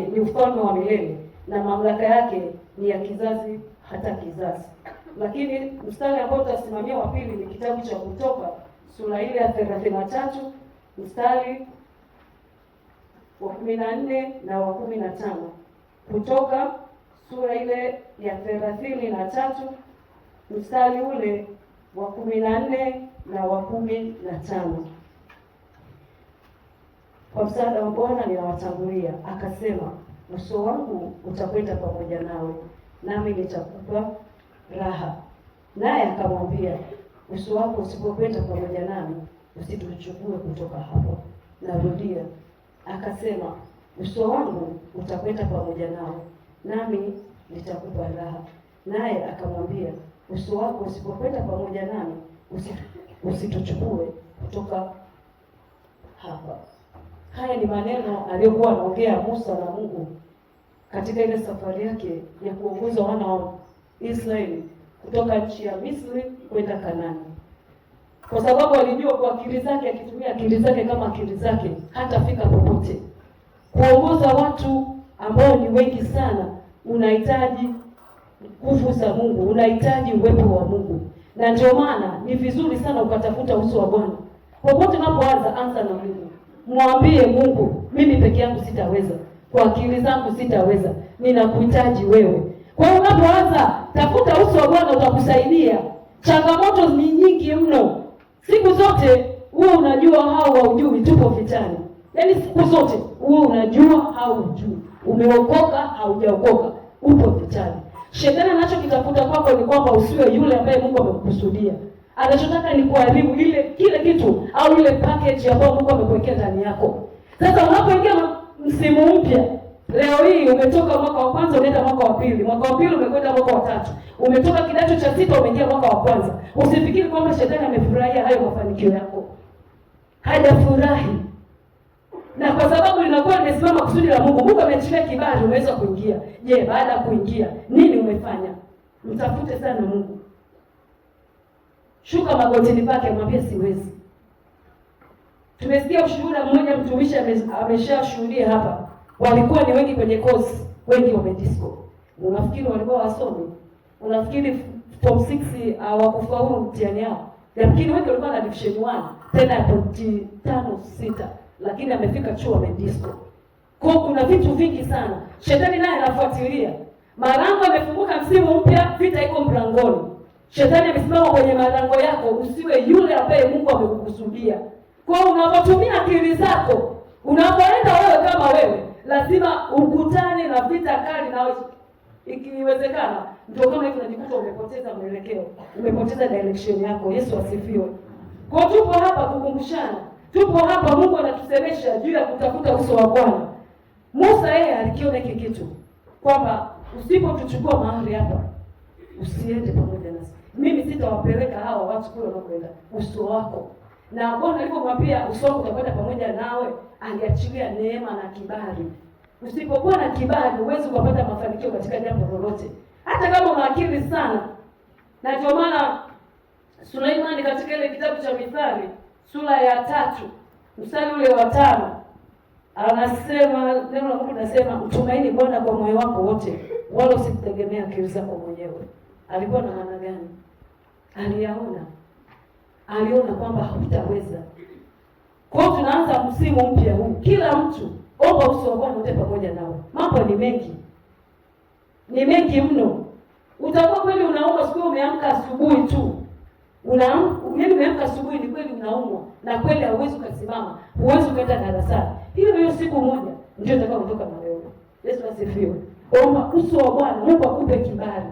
wake ni ufalme wa milele na mamlaka yake ni ya kizazi hata kizazi. Lakini mstari ambao utasimamia wa pili ni kitabu cha Kutoka sura ile ya thelathini na tatu mstari wa kumi na nne na wa kumi na tano Kutoka sura ile ya thelathini na tatu mstari ule wa kumi na nne na wa kumi na tano kwa msaada wa Bwana ninawatangulia. Akasema, uso wangu utakwenda pamoja nawe, nami nitakupa raha. Naye akamwambia, uso wako usipokwenda pamoja nami, usituchukue kutoka hapo. Narudia, akasema, uso wangu utakwenda pamoja nawe, nami nitakupa raha. Naye akamwambia, uso wako usipokwenda pamoja nami, usituchukue kutoka hapa. Haya ni maneno aliyokuwa anaongea Musa na Mungu katika ile safari yake ya kuongoza wana wa Israeli kutoka nchi ya Misri kwenda kanani kwa sababu alijua kwa akili zake, akitumia akili zake kama akili zake hatafika popote. Kuongoza watu ambao ni wengi sana, unahitaji nguvu za Mungu, unahitaji uwepo wa Mungu, na ndio maana ni vizuri sana ukatafuta uso wa Bwana popote unapoanza, anza na Mungu. Mwambie Mungu, mimi peke yangu sitaweza, kwa akili zangu sitaweza, ninakuhitaji wewe. Kwa hiyo unapoanza, tafuta uso wa Bwana, utakusaidia. Changamoto ni nyingi mno siku zote, huwe unajua au haujui, tupo vitani. Yaani siku zote huwe unajua au hujui, umeokoka haujaokoka, upo vitani. Shetani anachokitafuta kwako ni kwamba usiwe yule ambaye Mungu amekusudia anachotaka ni kuharibu ile kile kitu au ile package ambayo Mungu amekuwekea ndani yako. Sasa unapoingia msimu mpya, leo hii umetoka mwaka wa kwanza unaenda mwaka wa pili, mwaka wa pili umekwenda mwaka wa tatu, umetoka kidato cha sita umeingia mwaka wa kwanza. Usifikiri kwamba shetani amefurahia hayo mafanikio yako, hajafurahi na kwa sababu linakuwa limesimama kusudi la Mungu. Mungu ameachilia kibali, umeweza kuingia. Je, baada ya kuingia nini umefanya? Mtafute sana Mungu shuka magotini pake, amwambia siwezi. Tumesikia ushuhuda mmoja, mtumishi ameshashuhudia hapa, walikuwa ni wengi kwenye course, wengi wamedisco. Unafikiri walikuwa wasomi? Unafikiri form 6 hawakufaulu ah, mtihani yao? Lakini wengi walikuwa na division 1 tena ya pointi tano sita, lakini amefika chuo amedisco. Kwa kuna vitu vingi sana, shetani naye anafuatilia. Malango yamefunguka, msimu mpya, vita iko mlangoni. Shetani amesimama kwenye malango yako, usiwe yule ambaye Mungu amekukusudia. Kwa hiyo unapotumia akili zako, unapoenda wewe kama wewe, lazima ukutane na vita kali, na ikiwezekana ndio kama hivi unajikuta umepoteza mwelekeo, umepoteza direction yako. Yesu asifiwe. Kwa hiyo tupo hapa kukumbushana, tupo hapa, Mungu anatusemesha juu ya kutafuta uso wa Bwana. Musa yeye alikiona hiki kitu kwamba usipotuchukua mahali hapa usiende pamoja mimi sitawapeleka hawa watu kule wanakwenda, uso wako na Bwana alivyomwambia uso wako utakwenda pamoja nawe, aliachilia neema na kibali. Usipokuwa na kibali, huwezi kupata mafanikio katika jambo lolote, hata kama unaakili sana. Na ndio maana Suleimani katika ile kitabu cha Mithali sura ya tatu mstari ule wa tano anasema neno la Mungu linasema, mtumaini Bwana kwa moyo wako wote, wala usitegemea akili zako mwenyewe. Alikuwa na maana gani? aliyaona, aliona kwamba hakutaweza. Kwa hiyo tunaanza msimu mpya huu, kila mtu omba uso wa Bwana ute pamoja nao Mambo ni mengi, ni mengi mno. Utakuwa kweli unaumwa, siku umeamka asubuhi tu yaani umeamka asubuhi, ni kweli unaumwa na kweli hauwezi ukasimama, huwezi ukaenda darasani. Hiyo hiyo siku moja ndio utakao kutoka maweona. Yesu asifiwe. Omba uso wa Bwana, Mungu akupe kibali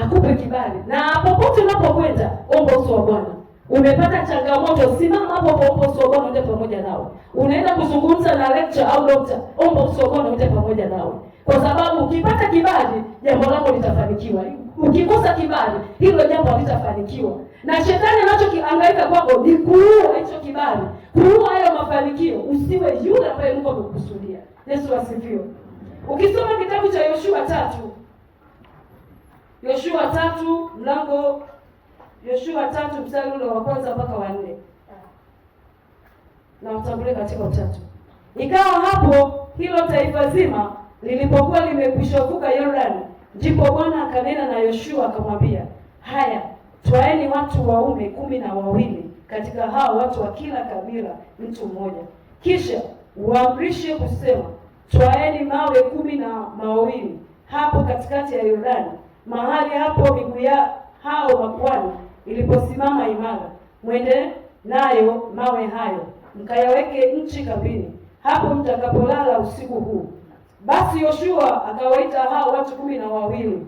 akupe kibali, na popote unapokwenda omba uso wa Bwana. Umepata changamoto, simama hapo hapo, omba uso wa Bwana, uende pamoja nao. Unaenda kuzungumza na lecture au doctor, omba uso wa Bwana, uende pamoja nao, kwa sababu ukipata kibali jambo lako litafanikiwa. Ukikosa kibali, hilo jambo halitafanikiwa. na shetani anachokiangaika kwako ni kuua hicho kibali, kuua hayo mafanikio, usiwe yule ambaye Mungu amekusudia. Yesu asifiwe. Ukisoma kitabu cha Yoshua tatu Yoshua tatu mlango Yoshua tatu mstari ule wa kwanza mpaka wa nne na utangulie katika utatu. Ikawa hapo hilo taifa zima lilipokuwa limekwishavuka Yordani, ndipo Bwana akanena na Yoshua akamwambia, haya twaeni watu waume kumi na wawili katika hao watu wa kila kabila mtu mmoja, kisha waamrishe kusema, twaeni mawe kumi na mawili hapo katikati ya Yordani mahali hapo miguu ya hao makuhani iliposimama imara, mwende nayo mawe hayo mkayaweke nchi kambini, hapo mtakapolala usiku huu. Basi Yoshua akawaita hao watu kumi na wawili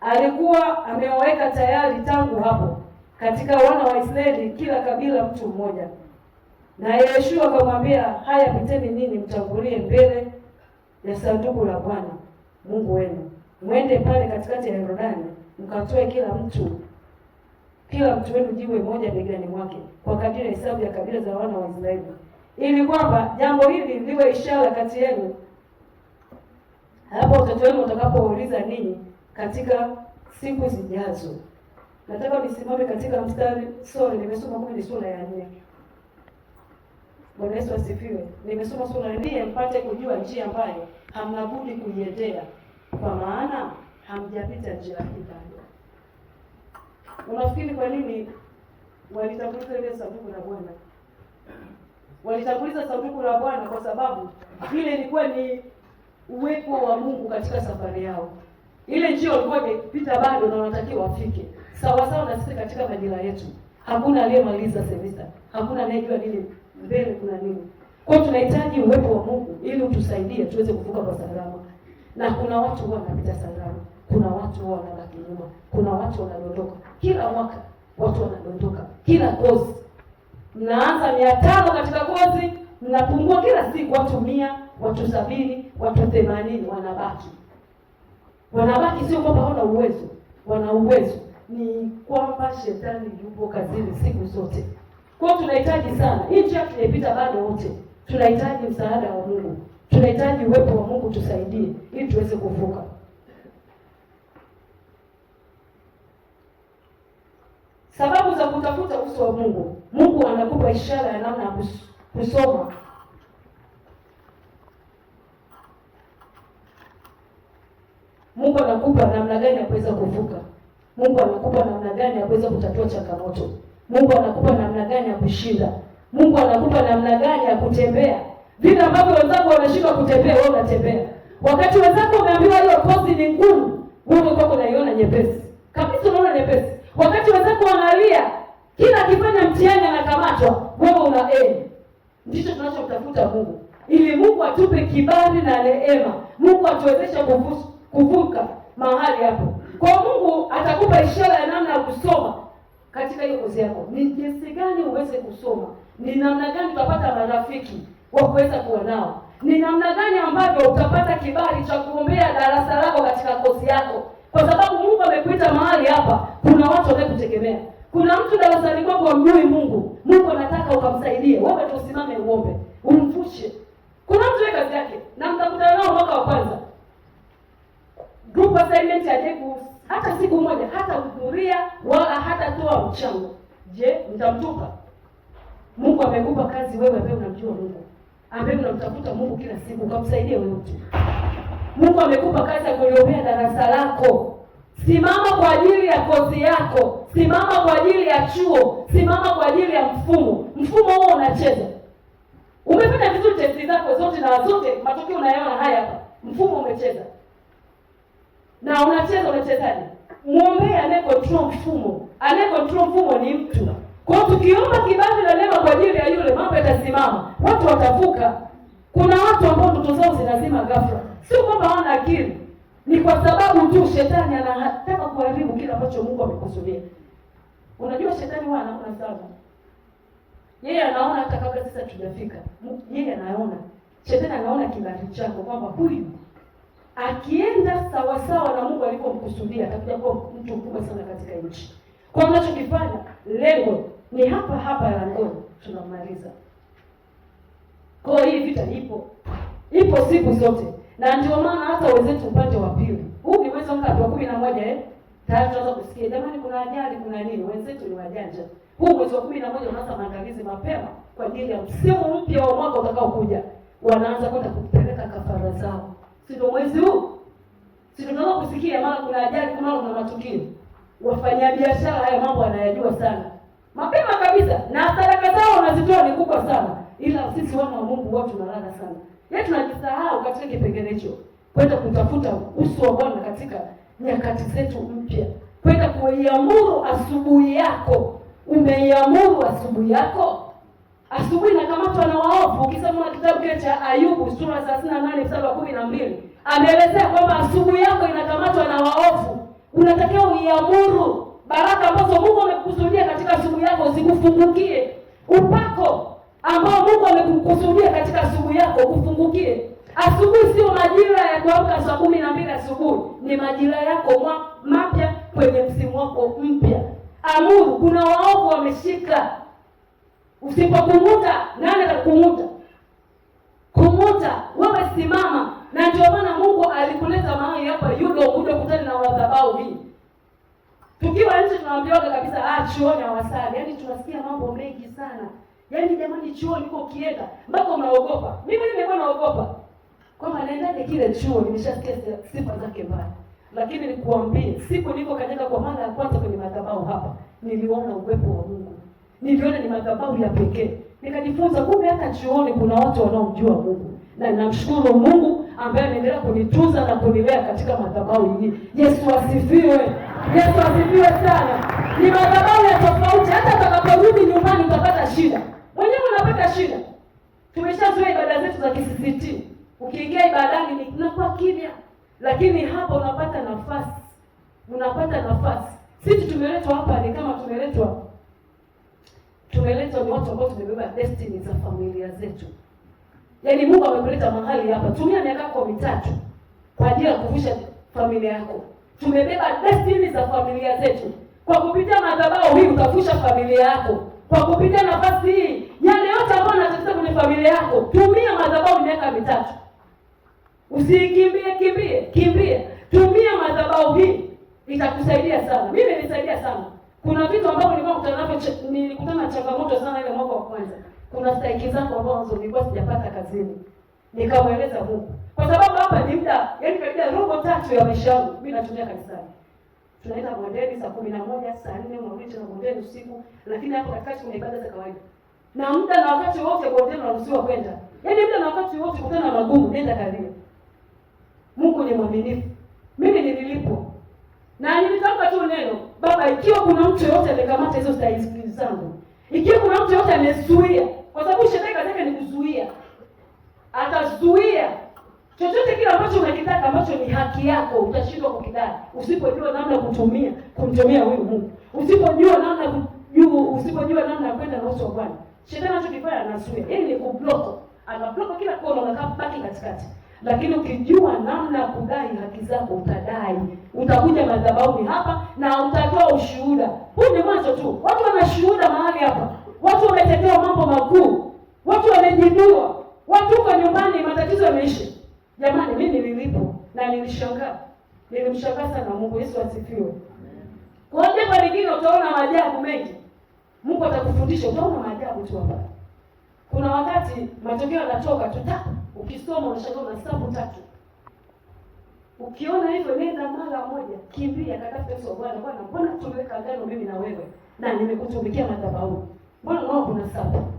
alikuwa amewaweka tayari tangu hapo katika wana wa Israeli, kila kabila mtu mmoja. na Yoshua akamwambia, haya piteni ninyi mtangulie mbele ya sanduku la Bwana Mungu wenu mwende pale katikati ya Yordani mkatoe kila mtu kila mtu wenu jiwe moja begani mwake kwa kadiri ya hesabu ya kabila za wana wa Israeli, ili kwamba jambo hili liwe ishara kati yenu, hapo watoto wenu watakapouliza ninyi katika siku zijazo. Nataka nisimame katika mstari sorry, nimesoma kwenye sura ya nne. Bwana Yesu asifiwe. Nimesoma sura ya nne mpate kujua njia ambayo hamnabudi kuiendea kwa maana hamjapita njia hii bado. Unafikiri kwa nini walitanguliza ile sanduku la Bwana? Walitanguliza sanduku la Bwana kwa sababu ile ilikuwa ni uwepo wa Mungu katika safari yao. Ile njia walikuwa wamepita bado na wanatakiwa wafike sawa sawa na sisi katika majira yetu. Hakuna aliyemaliza semester. hakuna anayejua nini mbele kuna nini. Kwa hiyo tunahitaji uwepo wa Mungu ili utusaidie tuweze kuvuka kwa salama na kuna watu huwa wanapita salama, kuna watu huwa wanabaki nyuma, kuna watu wanadondoka kila mwaka, watu wanadondoka kila kozi. Mnaanza mia tano katika kozi, mnapungua kila siku, watu mia, watu sabini, watu themanini wanabaki, wanabaki. Sio kwamba hawana uwezo, wana uwezo, ni kwamba shetani yupo kazini siku zote. Kwa hiyo tunahitaji sana, hii njia tunaipita bado wote tunahitaji msaada wa Mungu tunahitaji uwepo wa Mungu tusaidie, ili tuweze kuvuka. Sababu za kutafuta uso wa Mungu, Mungu anakupa ishara ya namna ya kusoma Mungu anakupa namna gani ya kuweza kuvuka. Mungu anakupa namna gani ya kuweza kutatua changamoto. Mungu anakupa namna gani ya kushinda. Mungu anakupa namna gani ya kutembea vile ambavyo wenzako wanashindwa kutembea, wewe unatembea. Wakati wenzako wameambiwa hiyo kozi ni ngumu, wewe kwako unaiona nyepesi kabisa, unaona nyepesi. Wakati wenzako wanalia, kila akifanya mtihani anakamatwa, wewe una eh. Ndicho tunachomtafuta Mungu, ili Mungu atupe kibali na neema, Mungu atuwezeshe kuvuka mahali hapo. Kwa Mungu atakupa ishara ya namna ya kusoma katika hiyo kozi yako, ni jinsi gani uweze kusoma, ni namna gani utapata marafiki wa kuweza kuwa nao ni namna gani ambavyo utapata kibali cha kuombea darasa lako katika kosi yako, kwa sababu Mungu amekuita mahali hapa. Kuna watu wanakutegemea, kuna mtu darasani kwako hamjui Mungu. Mungu anataka ukamsaidie wewe, tusimame uombe, umvushe. Kuna mtu yeye kazi yake, na mtakutana nao mwaka wa kwanza group assignment ajeku hata siku moja, hata kuhudhuria wala hata toa mchango. Je, mtamtupa? Mungu amekupa kazi wewe, wewe unamjua Mungu ambaye unamtafuta Mungu kila siku ukamsaidia yote. Mungu amekupa kazi ya kuliombea darasa lako. Simama kwa ajili ya kozi yako, simama kwa ajili ya chuo, simama kwa ajili ya mfumo. Mfumo huo unacheza, umefanya vizuri testi zako zote na zote, matokeo unayaona haya hapa. Mfumo umecheza na unacheza. Unachezaje? Mwombee anayecontrol mfumo. Anayecontrol mfumo ni mtu kwa tukiomba kibali na neema kwa ajili ya yule, mambo yatasimama, watu watavuka. Kuna watu ambao ndoto zao zinazima ghafla, sio kwamba hawana akili, ni kwa sababu tu shetani anataka kuharibu kile ambacho Mungu amekusudia. Unajua shetani huwa anaona sana, yeye anaona hata kabla sasa tujafika, yeye anaona, shetani anaona kibali chako kwamba huyu akienda sawasawa na Mungu alivyomkusudia atakuja kuwa mtu mkubwa sana katika nchi. Kwa mnachokifanya lengo ni hapa hapa Rangoon tunamaliza. Kwa hii vita ipo, ipo siku zote, na ndio maana hata wenzetu upande wa pili huu ni mwezi wangapi wa kumi na moja eh? Tayari tunaanza kusikia jamani, kuna ajali, kuna nini. Wenzetu ni wajanja. Huu mwezi wa kumi na moja unaanza maandalizi mapema kwa ajili ya msimu mpya wa mwaka utakaokuja, wanaanza kwenda kupeleka kafara zao, si ndio? Mwezi huu si tunaanza kusikia mara kuna ajali, kuna kuna matukio. Wafanyabiashara haya mambo wanayajua sana mapema kabisa, na sadaka zao unazitoa ni kubwa sana, ila sisi wana wa Mungu watu tunalala sana, yeye yaani tunajisahau katika kipengele hicho, kwenda kutafuta uso wa Bwana katika nyakati zetu mpya, kwenda kuiamuru asubuhi yako. Umeiamuru asubuhi yako? Asubuhi inakamatwa na waovu. Ukisoma kitabu kile cha Ayubu sura thelathini na nane mstari wa kumi na mbili ameelezea kwamba asubuhi yako inakamatwa na waovu, unatakiwa uiamuru baraka ambazo Mungu amekusudia katika siku yako zikufungukie, upako ambao Mungu amekukusudia katika siku yako kufungukie. Asubuhi sio majira ya kuamka saa kumi na mbili asubuhi, ni majira yako mapya kwenye msimu wako mpya. Amuru, kuna waovu wameshika. Usipokumuta nani atakumuta? Kumuta wewe, simama. Na ndio maana Mungu alikuleta mahali hapa Yuda, ukuje kukutana na wadhabahu hii Tukiwa nje tunaambiwaga kabisa, ah, chuoni hawasali. Yaani tunasikia mambo mengi sana. Yaani jamani, chuo liko kienda mpaka unaogopa. Mimi nimekuwa naogopa kwamba naendaje kile chuo, nimeshasikia sifa zake mbaya. Lakini nikuambie, siku niko kanyaga kwa mara ya kwanza kwenye madhabahu hapa, niliona uwepo wa Mungu. Niliona ni madhabahu ya pekee. Nikajifunza kumbe hata chuoni kuna watu wanaomjua Mungu. Na ninamshukuru Mungu ambaye anaendelea kunitunza na kunilea katika madhabahu hii. Yesu asifiwe. Yesu asifiwe sana. Ni madhabahu ya tofauti, hata utakaporudi nyumbani utapata shida, mwenyewe unapata shida. Tumeshazoea ibada zetu za KCCT, ukiingia ibadani unakuwa kimya, lakini hapa unapata nafasi, unapata nafasi. Sisi tumeletwa hapa ni kama tumeletwa, tumeletwa ni watu ambao tumebeba destiny za familia zetu. Yaani Mungu amekuleta mahali hapa, tumia miaka yako mitatu kwa ajili ya kuvusha familia yako. Tumebeba destiny za familia zetu. Kwa kupitia madhabahu hii utavusha familia yako. Kwa kupitia nafasi hii, yale yote ambayo unatafuta kwenye familia yako, tumia madhabahu miaka mitatu. Usikimbie kimbie, kimbie. Tumia madhabahu hii, itakusaidia sana. Mimi nilisaidia sana. Kuna vitu ambavyo nilikuwa kutana nilikutana na changamoto sana ile mwaka wa kwanza. Kuna stahiki zangu ambazo nilikuwa sijapata kazini nikamweleza Mungu, kwa sababu hapa ni muda, yani kabisa robo tatu ya maisha yangu mimi natumia kanisani. Tunaenda bondeni saa kumi na moja saa nne mawili tuna bondeni usiku, lakini hapo katikati kuna ibada za kawaida na muda na wakati wote bondeni unaruhusiwa kwenda, yani muda na wakati wote, kutana na magumu, nenda karibu. Mungu ni mwaminifu. Mimi nililipo na nilitamka tu neno Baba, ikiwa kuna mtu yoyote amekamata hizo stahili zangu, ikiwa kuna mtu yoyote amezuia, kwa sababu shetani kazi yake ni kuzuia atazuia chochote kile ambacho unakitaka ambacho ni haki yako, utashindwa kukidai usipojua namna ya kutumia kumtumia huyu Mungu, usipojua namna ya kujua, usipojua namna ya kwenda na uso wa Bwana. Shetani anachokifanya anazuia, yeye ni kublock, anablock kila kona, unakaa baki katikati. Lakini ukijua namna ya kudai haki zako, utadai, utakuja madhabahuni hapa na utatoa ushuhuda. Huu ni mwanzo tu, watu wanashuhuda mahali hapa, watu wametetea mambo makuu, watu wamejidua Wakiuka nyumbani, matatizo yameisha. Jamani, mimi nililipo na nilishangaa, nilimshangaa sana Mungu. Yesu asifiwe. Kwa kwa lingine, utaona maajabu mengi. Mungu atakufundisha, utaona maajabu tu hapa. Kuna wakati matokeo yanatoka tuta, ukisoma unashangaa, na sababu tatu. Ukiona hivyo, nenda mara moja, kimbia katafuta Yesu. Bwana, Bwana, mbona tumeweka agano mimi na wewe na nimekutumikia madhabahu, mbona nao kuna sababu?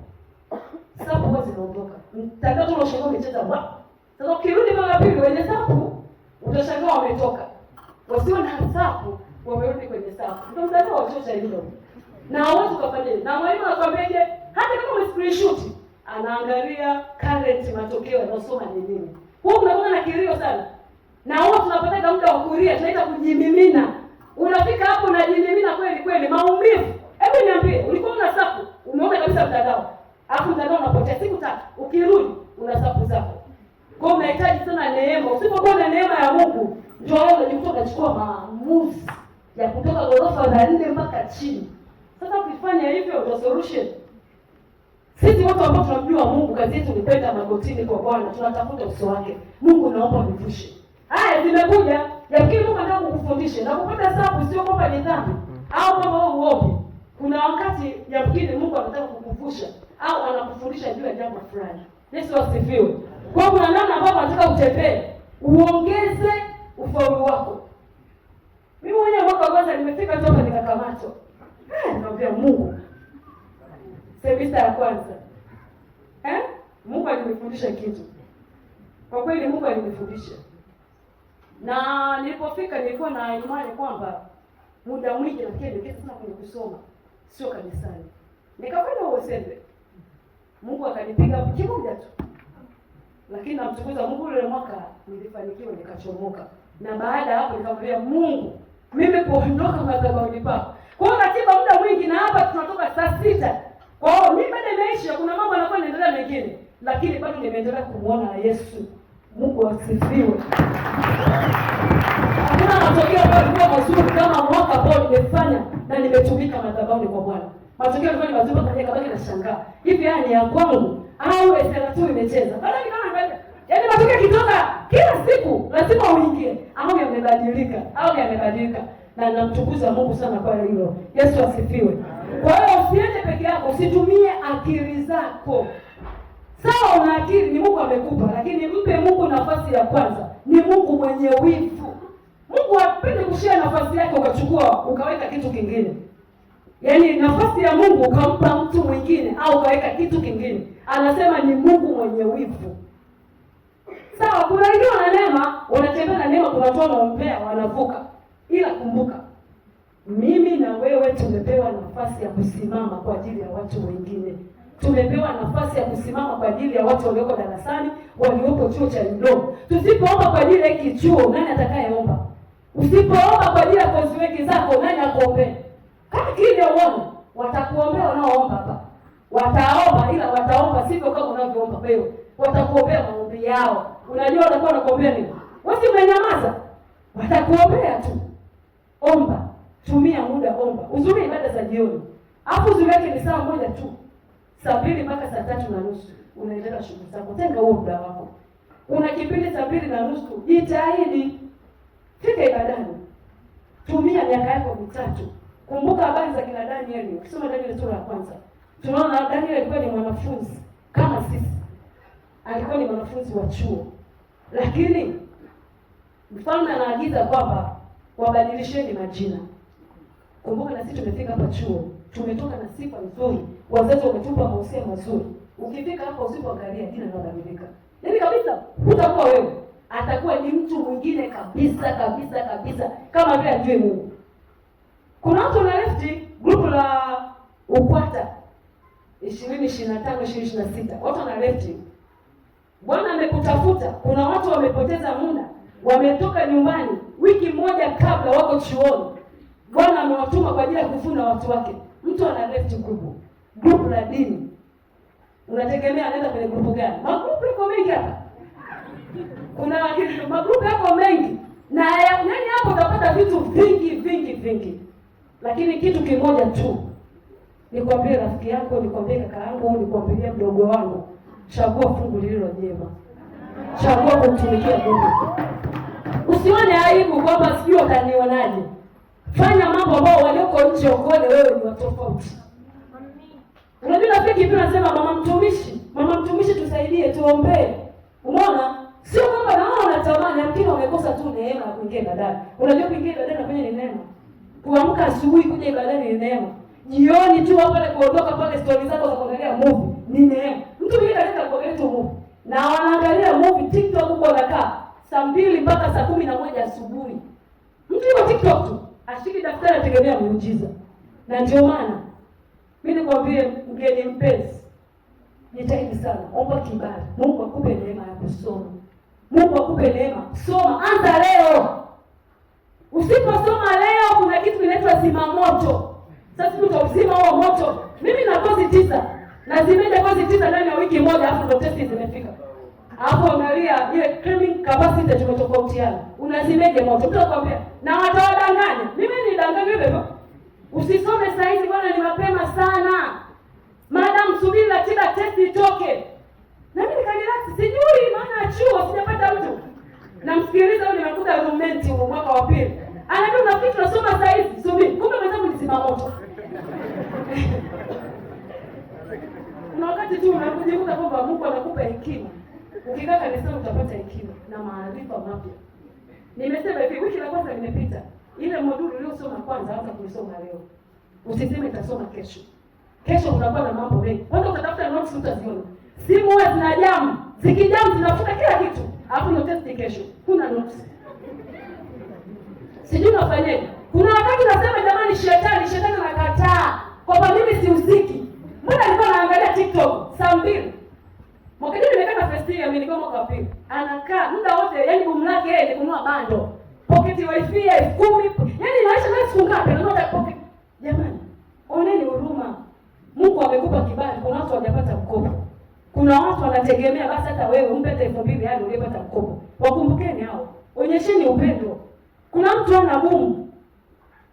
sapu huwa zinaondoka. Mtangazo unashangaa umecheza wapi? Sasa ukirudi mara pili wenye sapu utashangaa wametoka. Wasio na sapu wamerudi kwenye sapu. Ndio mtandao wa hilo. Na hawezi kufanya. Na mwalimu anakwambia hata kama umescreenshot anaangalia current matokeo yanayosoma ni nini. Huko kunakuwa na kilio sana. Na wote tunapata muda wa kulia, tunaita kujimimina. Unafika hapo unajimimina kweli kweli maumivu. Hebu niambie, ulikuwa una sapu, umeona kabisa mtandao. Alafu mtandao unapotea siku tatu, ukirudi una unasapu zako. Kwa hiyo unahitaji sana neema. Usipokuwa na neema ya Mungu, ndio wewe unajikuta unachukua maamuzi ya kutoka ghorofa la nne mpaka chini. Sasa ukifanya hivyo ndio solution. Sisi watu ambao tunamjua Mungu, kazi yetu ni kwenda magotini kwa Bwana, tunatafuta uso wake. Mungu naomba nivushe. Haya zimekuja. Yafikiri Mungu anataka kukufundisha na kupata sababu sio kwamba ni dhambi au kama wewe uombe. Kuna wakati yafikiri Mungu anataka kukuvusha au wanakufundisha juu ya jambo fulani. Yesu asifiwe. Kwa kuna namna ambayo unataka utembee, uongeze ufaulu wako. Mimi mwenyewe mwaka wa kwanza nimefika toka nikakamato. Eh, nikamwambia Mungu. Semesta ya kwanza. Eh? Mungu alinifundisha kitu. Kwa kweli Mungu alinifundisha. Na nilipofika nilikuwa na imani kwamba muda mwingi nafikiri ningeweza sana kwenye kusoma, sio kanisani. Nikakwenda Usembe. Mungu akanipiga kimoja tu, lakini namtukuza Mungu. Ule mwaka nilifanikiwa nikachomoka, na baada ya hapo nikamwambia Mungu, mimi kuondoka madhabahuni pako. Kwa hiyo ratiba muda mwingi, na hapa tunatoka saa sita. Kwa hiyo mimi bado nimeisha, kuna mambo yanakuwa yanaendelea mengine, lakini bado nimeendelea kumwona Yesu. Mungu asifiwe. Hakuna matokeo ambayo yalikuwa mazuri kama mwaka ambao nimefanya na nimetumika madhabahuni kwa Bwana. Matokeo yalikuwa ni mazuri mpaka nikabaki nashangaa. Hivi haya ni ya kwangu au Estera tu imecheza? Bado nikaona yaani matokeo kitoka kila siku lazima uingie au yamebadilika au yamebadilika na namtukuza Mungu sana kwa hilo. Yesu asifiwe. Kwa hiyo usiende peke yako, usitumie akili zako. Sawa, una akili ni Mungu amekupa, lakini mpe Mungu nafasi ya kwanza. Ni Mungu mwenye wivu. Mungu apende kushia nafasi yake ukachukua ukaweka kitu kingine. Yaani nafasi ya Mungu ukampa mtu mwingine au ukaweka kitu kingine, anasema ni Mungu mwenye wivu. Sawa, kuna wengine wana neema, wanatembea na neema, kuna watu wanaombea wanavuka, ila kumbuka, mimi na wewe tumepewa nafasi ya kusimama kwa ajili ya watu wengine. Tumepewa nafasi ya kusimama kwa ajili ya watu walioko darasani, walioko chuo cha Yudo. Tusipoomba kwa ajili ya hiki chuo, nani atakayeomba? Usipoomba kwa ajili ya kozi weki zako, nani akuombee? uone, watakuombea wanaoomba hapa, wataomba ila wataomba sivyo kama unavyoomba wewe, watakuombea maombi yao. Unajua watakuwa wanakuombea nini? Wewe umenyamaza, watakuombea tu. Omba, tumia muda, omba, uzuri ibada za jioni, alafu uzuri ni saa moja tu, saa mbili mpaka saa tatu na nusu unaendelea shughuli zako. Tenga huo muda wako, una kipindi saa mbili na nusu, jitahidi fika ibadani, tumia miaka yako mitatu Kumbuka habari za kina Danieli. Ukisoma Danieli sura ya kwanza, tunaona Danieli alikuwa ni mwanafunzi kama sisi, alikuwa ni mwanafunzi wa chuo, lakini mfalme anaagiza kwamba wabadilisheni majina. Kumbuka na sisi tumefika hapa chuo, tumetoka na sifa nzuri, wazazi wametupa mahusia mazuri. Ukifika hapa usipoangalia jina linabadilika, yaani kabisa hutakuwa wewe, atakuwa ni mtu mwingine kabisa kabisa kabisa, kama vile ajue Mungu. Kuna watu wana left group la UKWATA ishirini ishirini na tano na sita watu wana left. Bwana amekutafuta. Kuna watu wamepoteza muda, wametoka nyumbani wiki moja kabla, wako chuoni. Bwana amewatuma kwa ajili ya kuvuna watu wake. Mtu ana left group, group la dini, unategemea anaenda kwenye group gani? Magrupu yako mengi hapa, kuna magrupu yako mengi, na ndani hapo utapata vitu vingi vingi vingi lakini kitu kimoja tu nikwambie, rafiki yako, nikwambie kaka yangu, nikwambie mdogo wangu, chagua fungu lililo jema, chagua kumtumikia Mungu. Usione aibu kwamba sijui watanionaje. Fanya mambo ambayo walioko nje wakuone wewe ni watofauti. Unajua rafiki, pia nasema mama mtumishi, mama mtumishi, tusaidie, tuombee. Umeona? Sio kwamba naona natamani, lakini wamekosa tu neema ya kuingia ibadani. Unajua kuingia ibadani na kwenye ni neema Kuamka asubuhi kuja ibada ni neema. Jioni tu hapo na kuondoka pale stori zako za kuangalia movie ni neema. Mtu mwingine anaweza kuangalia tu movie. Na wanaangalia movie TikTok huko anakaa saa mbili mpaka saa kumi na moja asubuhi. Mtu wa TikTok tu, ashiki daftari ategemea muujiza. Na ndio maana mimi nikwambie mgeni mpenzi, nitaidi sana, omba kibali. Mungu akupe neema ya kusoma. Mungu akupe neema. Soma anza leo. Usiposoma leo, kuna kitu kinaitwa moto. Sasa tutauzima huo moto. Mimi na kozi tisa na zimeenda kozi tisa ndani ya wiki moja, afu ndo testi zimefika. Hapo unalia ile cleaning capacity tumetofautiana. Unazimeje moto? Tutakwambia. Na watawadanganya. Mimi ni danganya hivyo. Usisome saa hizi bwana, ni mapema sana. Madam, subiri ratiba test itoke. Na mimi nikarelax, sijui maana chuo sijapata mtu namsikiliza huyu, nimekuta argument huko mwaka wa pili, anaambia unafikiri tunasoma saa hizi, subiri, kumbe mwenzangu ni zima moto. Kuna wakati tu unakujikuta kwamba Mungu anakupa hekima, ukikaa kanisani utapata hekima na maarifa mapya. Nimesema hivi, wiki la kwanza limepita, ile moduli uliosoma kwanza hata kuisoma leo, usiseme itasoma kesho. Kesho unakuwa na mambo mengi, kwanza utatafuta notes, utaziona simu huwa zina jamu, zikijamu zinafuta kila kitu alafu ndio kesho, kuna notes sijui nafanyaje. Kuna wakati nasema jamani, shetani shetani nakataa kwamba mimi sihusiki. Mbona alikuwa anaangalia TikTok saa mbili mwaka jana, nimekaa festi ya mimi nilikuwa mwaka pili, anakaa muda wote, yani bomu lake yeye kununua bando pocket wifi ya 10,000 yani inaisha na siku ngapi, ananunua pocket. Jamani, oneni huruma, Mungu amekupa kibali, kuna watu hawajapata mkopo kuna watu wanategemea basi, hata wewe umpe hata bibi yani uliyepata mkopo. Wakumbukeni hao, onyesheni upendo. Kuna mtu ana bumu.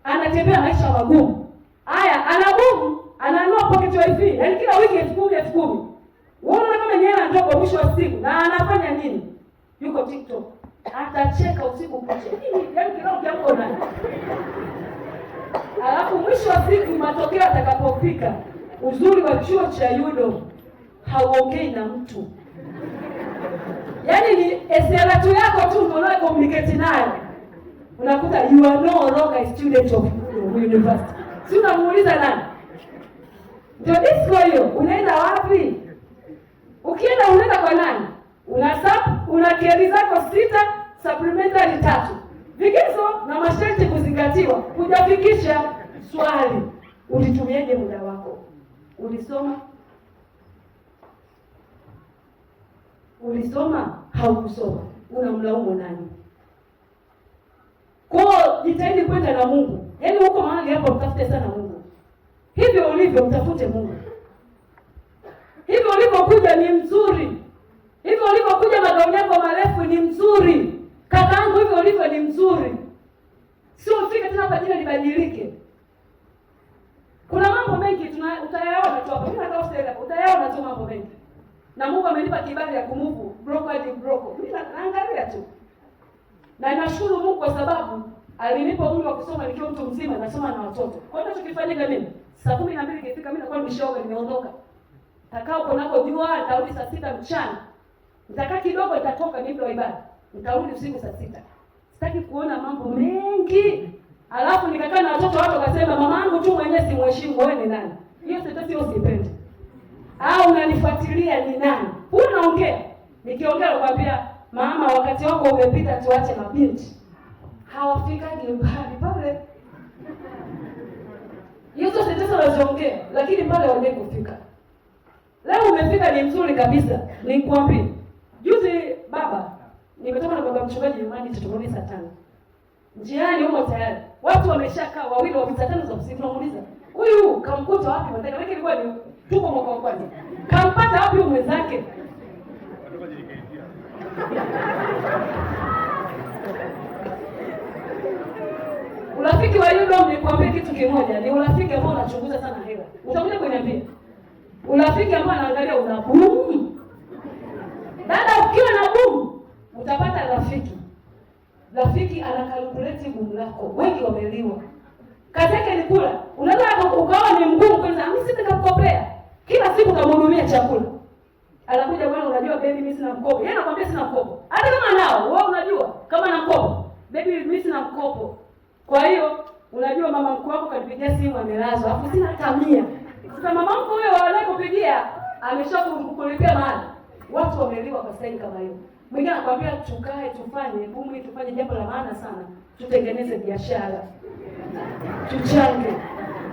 anatembea maisha magumu haya, ana bumu, ananua pocket wifi, yaani kila wiki elfu kumi elfu kumi Unaona kama nyenye anatoka mwisho wa siku na anafanya nini? Yuko TikTok. Atacheka usiku kucha. Yaani kiroho kiamko na. Alafu mwisho wa siku matokeo atakapofika, uzuri wa chuo cha Yudo hauongei na mtu yaani ni esiaratu yako tu unaona communicate nayo, unakuta you are no longer a student of university. Si unamuuliza nani? Ndio disco hiyo. Unaenda wapi? Ukienda unaenda kwa nani? Una sub, una keri zako sita, supplementary tatu, vigezo na masharti kuzingatiwa. Kujafikisha swali, ulitumieje muda wako? Ulisoma Ulisoma? Haukusoma, unamlaumu nani? Kwa jitahidi kwenda na Mungu, yaani huko mahali hapo, mtafute sana Mungu. Hivyo ulivyo, mtafute Mungu. Hivyo ulivyokuja ni mzuri, hivyo ulivyokuja, magauni yako marefu ni mzuri, kakaangu, hivyo ulivyo ni mzuri, sio fika tena hapa, jina libadilike. Kuna mambo mengi tutayaona tu hapo, utayaona tu mambo mengi na Mungu amenipa kibali ya kumuvu broko hadi broko, mimi naangalia tu na nashukuru Mungu kwa sababu alinipa umri wa kusoma nikiwa mtu mzima, nasoma na watoto. Kwa hiyo nachokifanyika mimi saa kumi na mbili ikifika, mimi nakuwa nimeshaoga nimeondoka, takao kunako jua, nitarudi saa sita mchana, nitakaa kidogo, itatoka ni wa ibada, nitarudi usiku saa sita. Sitaki kuona mambo mengi, alafu nikakaa na watoto, watu wakasema mamangu tu mwenyewe simheshimu. Wewe ni nani? Hiyo sentensi hiyo sipendi au unanifuatilia ni nani? Huyu naongea nikiongea nakwambia mama, wakati wako umepita, tuache mabinti hawafikagi mbali pale. Hizo sentensi unazoongea, lakini pale wajai kufika. Leo umefika ni mzuri kabisa, nikwambie. Juzi baba nimetoka na baba mchungaji nyumbani, tutumuni saa tano njiani huko tayari watu wameshakaa wawili wa saa tano za usiku, namuuliza huyu kamkuta wapi? Maana ilikuwa ni tuko mwaka wa kwanza. Kampata wapi mwenzake? Urafiki wa yudo, nikwambie kitu kimoja, ni urafiki ambao unachunguza sana hela. Utakuja kuniambia urafiki ambao anaangalia una boom. Dada, ukiwa na boom utapata rafiki. Rafiki ana calculate boom lako. Wengi wameliwa kateke ni kula, unaweza ukawa ni mgumu kwanza, mimi sitakukopea kila siku unamhudumia chakula. Anakuja bwana, unajua baby, mimi sina mkopo. Yeye anakuambia sina mkopo. Hata kama nao, wewe unajua kama na mkopo. Baby, mimi sina mkopo. Kwa hiyo unajua mama mkuu wako kanipigia simu amelazwa, alafu sina tamia. Sasa mama mkuu huyo anakupigia ameshakukulipia mali. Watu wameliwa kwa staili kama hiyo. Mwingine anakuambia tukae tufanye bumu, tufanye jambo la maana sana. Tutengeneze biashara. Tuchange.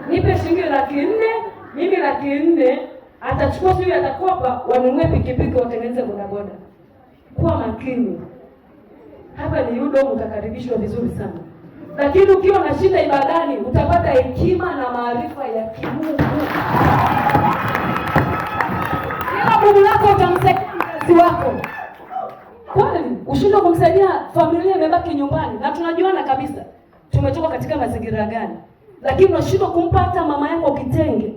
Nipe shilingi laki nne mimi laki nne atachukua sio, atakopa, wanunue pikipiki watengeneze bodaboda. Kuwa makini, hapa ni UDOM, utakaribishwa vizuri sana lakini ukiwa na shida ibadani utapata hekima na maarifa ya kimungu. Kila bubu lako utamsaidia mzazi wako kweli, ushindwa kumsaidia familia imebaki nyumbani, na tunajuana kabisa tumetoka katika mazingira gani, lakini unashindwa kumpata mama yako kitenge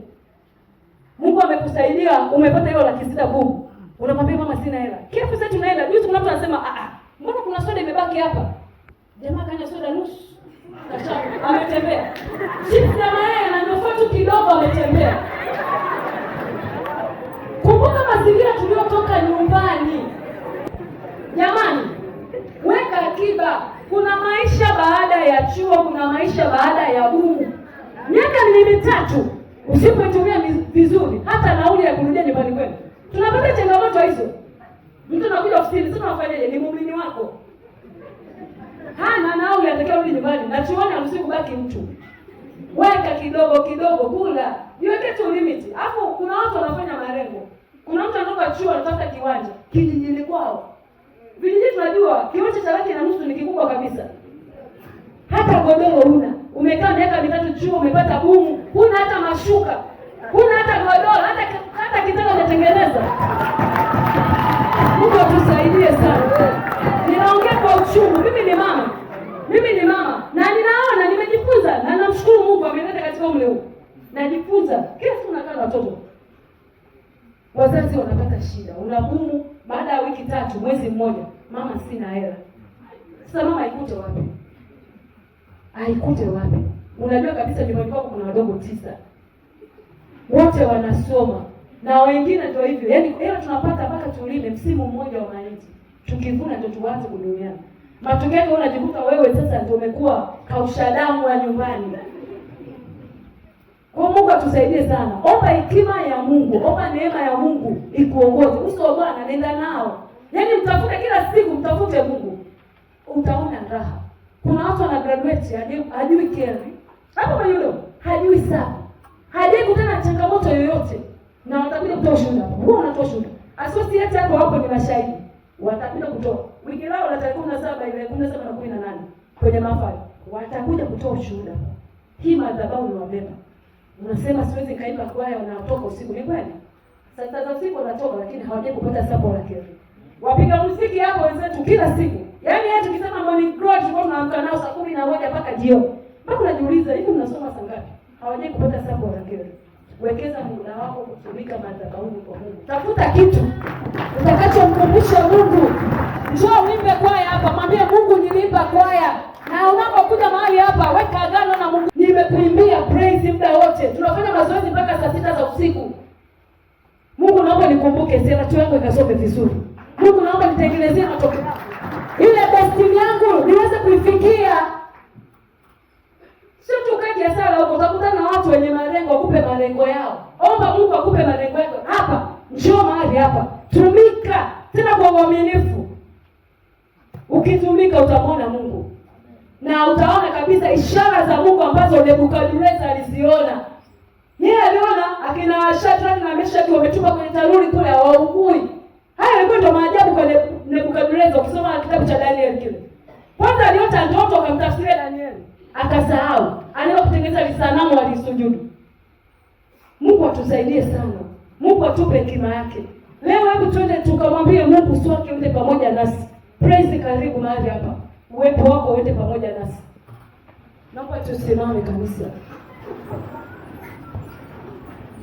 Mungu amekusaidia umepata hiyo laki sita bubu. Unamwambia mama sina hela. Kila pesa tuna hela. Juzi kuna mtu anasema ah, ah mbona kuna soda imebaki hapa? Jamaa kanya soda nusu. Ametembea. Chips na mayai na ndofotu kidogo ametembea. Kumbuka mazingira tuliyotoka nyumbani. Jamani, weka akiba. Kuna maisha baada ya chuo, kuna maisha baada ya bumu. Miaka ni mitatu usipoitumia vizuri, hata nauli ya kurudia nyumbani kwenu. Tunapata changamoto hizo. Mtu anakuja ofisini, sasa afanyeje? Ni muumini wako hana nauli, atakiwa rudi nyumbani, na chuoni hamsi kubaki mtu. Weka kidogo kidogo, kula jiweke tu limit. Hapo kuna watu wanafanya marengo, Kuna mtu anatoka chuo anatafuta kiwanja kijijini kwao. Vijijini tunajua kiwanja cha laki na nusu ni kikubwa kabisa, hata godoro huna umekaa miaka mitatu chuo, umepata bumu, huna hata mashuka, huna hata godoro, hata hata kitanda umetengeneza. Mungu atusaidie sana. Ninaongea kwa uchungu, mimi ni mama, mimi ni mama na ninaona, nimejifunza na namshukuru Mungu ameleta katika umri huu, najifunza kila siku, nakaa watoto wazazi wanapata shida, unabumu. Baada ya wiki tatu, mwezi mmoja, mama, sina hela. Sasa mama ikute wapi? haikuja wapi? Unajua kabisa nyumbani kwako kuna wadogo tisa, wote wanasoma na wengine ndio hivyo, yaani hela tunapata mpaka tulime msimu mmoja wa mahindi, tukivuna ndio tuanze kununiana. Matokeo yake unajikuta wewe sasa ndio umekuwa kaushadamu wa nyumbani. Kwa Mungu atusaidie sana. Omba hekima ya Mungu, omba neema ya Mungu ikuongoze. Uso wa Bwana nenda nao, yaani mtafute kila siku, mtafute Mungu, utaona raha. Kuna watu wana graduate hajui, kera hapo kwenye hilo, hajui saa, hajui kutana na changamoto yoyote, na watakuja kutoa ushuhuda hapo. Huwa wanatoa ushuhuda, associate hapo hapo ni mashahidi, watakuja kutoa wiki lao la tarehe 17 ile 17 na 18 kwenye mafari, watakuja kutoa ushuhuda. Hii madhabahu ni wabeba. Unasema siwezi kaimba kwaya, wanatoka usiku. Ni kweli, sasa za usiku wanatoka, lakini hawajui kupata sapo la kera. Wapiga muziki hapo wenzetu kila siku Yaani hata tukisema morning glory tulikuwa tunaamka nao saa kumi na moja mpaka jioni. Mpaka unajiuliza hivi mnasoma saa ngapi? Hawajai kupata saa bora kesho. Wekeza muda wako kutumika madhabahuni kwa Mungu. Tafuta kitu utakachomkumbusha Mungu. Njoo uimbe kwaya hapa, mwambie Mungu niliimba kwaya. Na unapokuja mahali hapa, weka agano na Mungu. Nimekuimbia praise muda wote. Tunafanya mazoezi mpaka saa sita za usiku. Mungu naomba nikumbuke, sera yangu ikasome vizuri. Mungu naomba nitengenezee matokeo destiny yangu niweze kuifikia. Sio tu ya sala huko, utakutana na watu wenye malengo wakupe malengo yao. Omba Mungu akupe malengo yako. Hapa njoo mahali hapa, tumika tena kwa uaminifu. Ukitumika utamwona Mungu na utaona kabisa ishara za Mungu ambazo Nebukadnezar aliziona. Yeye aliona akina Shadraka na Meshaki wametupa kwenye taruri kule, hawaugui Haya yalikuwa ndio maajabu kwa Nebukadnezar ukisoma kitabu cha Daniel kile. Kwanza aliota ndoto akamtafsiria Daniel. Akasahau. Alienda kutengeneza visanamu alisujudu. Mungu atusaidie sana. Mungu atupe hekima yake. Leo hebu twende tukamwambie Mungu sote ende pamoja nasi. Praise karibu mahali hapa. Uwepo wako uende pamoja nasi. Naomba tusimame kanisa.